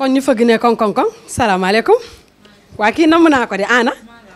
kon ñu fëgg ne koŋ koŋ koŋ salaamaaleykum waa kii namm naa ko de ana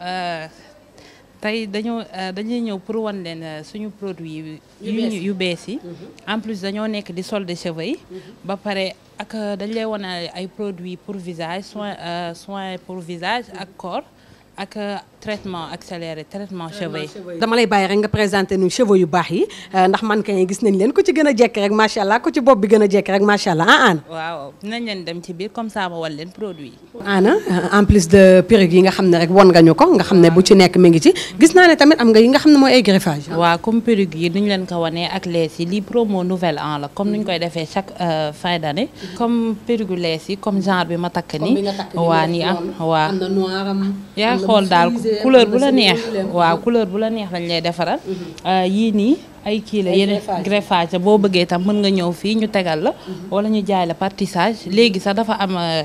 Euh, tey dañoo euh, dañuy ñëw pour wan leen euh, suñu produit yu bees yi mhm. en plus dañoo nekk di solde cheveux yi mhm. ba pare ak dañ lay wan ay produits pour visage soin soins pour visage ak corps ak euh, traitement accéléré traitement cheveux yi. dama lay bàyyi rek nga présenté nu cheveux yu baax yi euh, ndax man kañ gis nañ leen ko ci gën a jekk rek macha allah ku ci bopp bi gën a jekk rek macha allah ah Anna. waaw dinañ leen dem ci biir comme ça ma wan leen produit yi. Anna en plus de perruque yi nga xam ne rek won nga ñu ko nga xam ne bu ci nekk mi ngi ci gis naa ne tamit am nga yi nga xam ne mooy ay greffage. waaw comme perruque yi ni ñu leen ko wanee ak lees yi lii promo nouvelle an la comme ni ñu koy defee chaque euh, fin d' comme perruque lees ma takk nii. comme bi xool daal couleur bu la neex waaw couleur bu la neex lañ lay defaral mhm. euh, yii nii ay kii la yeneen greffage boo bëggee tam mën nga ñëw fii ñu tegal la mhm. wala ñu jaay la partissage léegi sax dafa am euh,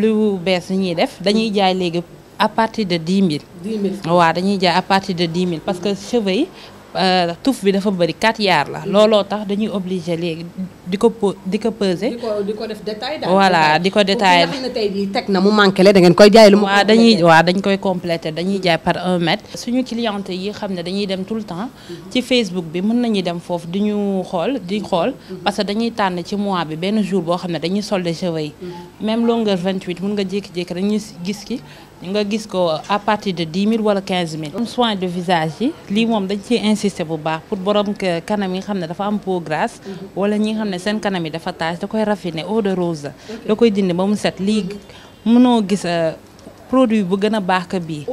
lu bees ñuy def dañuy mhm. jaay léegi à partir de 10 000 waaw dañuy jaay à partir de 10 000 parce que cheveux yi euh, tuf bi dafa bëri 4 yar la looloo tax dañuy obligé léegi diko ko peser. diko diko di def détail daal. voilà di ko détail pour tey jii na mu manqué le da ngeen koy jaay lu mu. dañuy waaw dañ koy complété dañuy jaay par 1 mètre. suñu cliente yi xamné dañuy dem tout le temps ci Facebook bi mën nañuy dem foofu diñu xol di xol parce que dañuy tànn ci mois bi ben jour bo xamné dañuy solde cheveux même longueur 28 mën nga jékki-jékki dañuy gis ki. nga gis ko à partir de dix mille wala quinze mille. comme soin de visage yi li mom dañ ci insister bu baax pour borom kanam yi nga dafa am peau grasse. wala ñi xamné seen kanam yi dafa taaj da koy rafine eau de rose la. da koy dindi ba mu set lii mënoo gis euh, produit bu gën a baax que bii.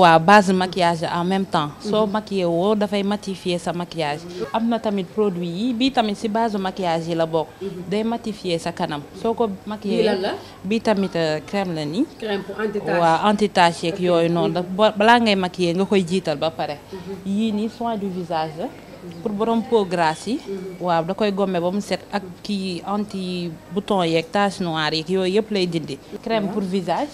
waaw base maquillage en même temps. Mhm. soo maquillé woo dafay matifier sa maquillage. Mhm. am na tamit produits yi bii tamit si base maquillage yi la bokk. Mhm. day matifier sa kanam soo ko. maquillé lan bii tamit euh, crème la nii. crème waaw anti-tache yooyu noonu. balaa ngay maquillé nga koy jiital ba pare. yii nii soin du visage pour borom peau grasse yi. waaw da koy gomme ba mu set ak ki anti bouton yek tache noire yek yooyu yëpp lay dindi. crème pour visage.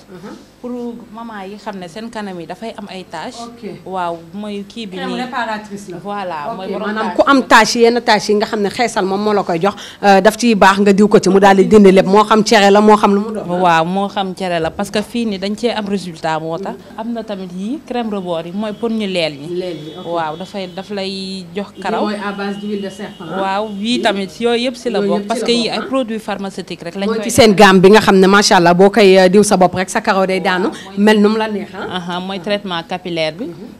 pour maman yi xam sen seen kanam yi dafay am ay taches. waaw moy ki bi ni réparatrice voilà mooy borom maanaam ku am tache yenn tache yi nga xam xéssal mom mo la koy jox euh, daf ci bax nga diw ko ci mu dal di dindi lepp mo xam ciéré la mo xam lu mu doon. waaw mo xam ciéré la parce que fi ni dañ cee am résultat mo tax. Mm. amna tamit yi crème rebord yi moy pour ñu leel ñi. waaw da fay dafay daf lay jox. karaw waaw bii tamit yooyu yëpp si la bokk parce que yi ay produit pharmaceutique rek lañ koy ci seen gamme bi nga xam ne macha allah boo koy euh, diw sa bopp rek sa karaw day daanu mel nu mu la neex mooy traitement capillaire bi mhm.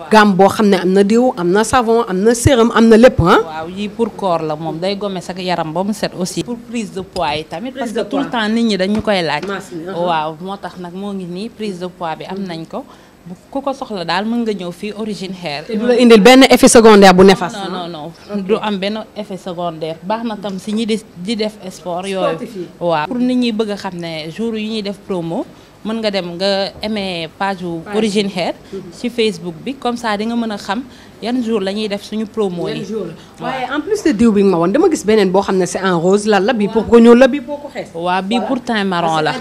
gamme boo xam ne am na diw am na savon am na sérum am na lépp ah. waaw yii pour corps la moom day gome sa yaram ba mu set aussi. pour prise de poids yi tamit. parce que tout le temps nit ñi dañu koy laaj. Uh-huh. waaw moo tax nag moo ngi nii prise de poids bi am nañ ko. ku ko soxla daal mën nga ñëw fii origine hair. te du la indil benn effet secondaire bu néfaste. non non non du am benn effet secondaire baax na tam si ñi di di def sport yooyu. waaw pour nit ñi bëgg a xam ne jour yu ñuy def promo. mën nga dem nga aimer page bu Origine Hair mhm. ci Facebook bi comme ça di nga mën a xam yan jour la ñuy def suñu promo yi waaye en plus de diw ma woon dama gis beneen boo xam ne c'est en rose lan la bii pour ko ñuul la bi pour ko maron la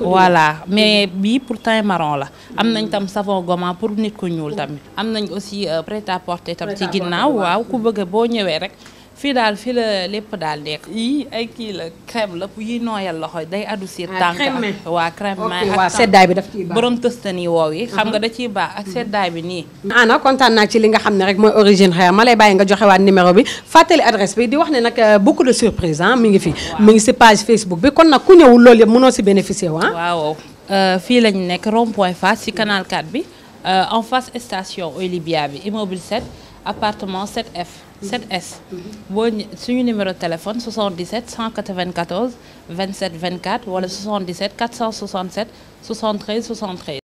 voilà mais bii pour teint maron la am nañ tam savon gommant pour nit ku ñuul tamit am nañ aussi euh, prêt à porter tam ci ginnaaw waaw ku bëgg boo ñëwee rek fii fil fii la lépp daal nekk le ay le la crème la bu yiy nooyal loxo day adoucir ah, tànk waa crème ak seddaay bi daf ciy baax borom tëstani woow yi xam mhm. nga da ciy baax ak bi ana kontaan naa ci li nga xam rek mooy origine xeer ma nga joxe numéro bi fàttali adresse bi di wax ne euh, beaucoup de surprise hein. mi ngi fi mi ngi page Facebook bi kon na ku ñëwul loolu yëpp mënoo si bénéficier wa hein. waaw euh, fii lañ nek rond point Fass si canal 4 bi euh, en face station Oilibia bi immobile 7 appartement 7F 7S mhm. boo un numéro téléphone 77 194 27 24 le 77 467 73 73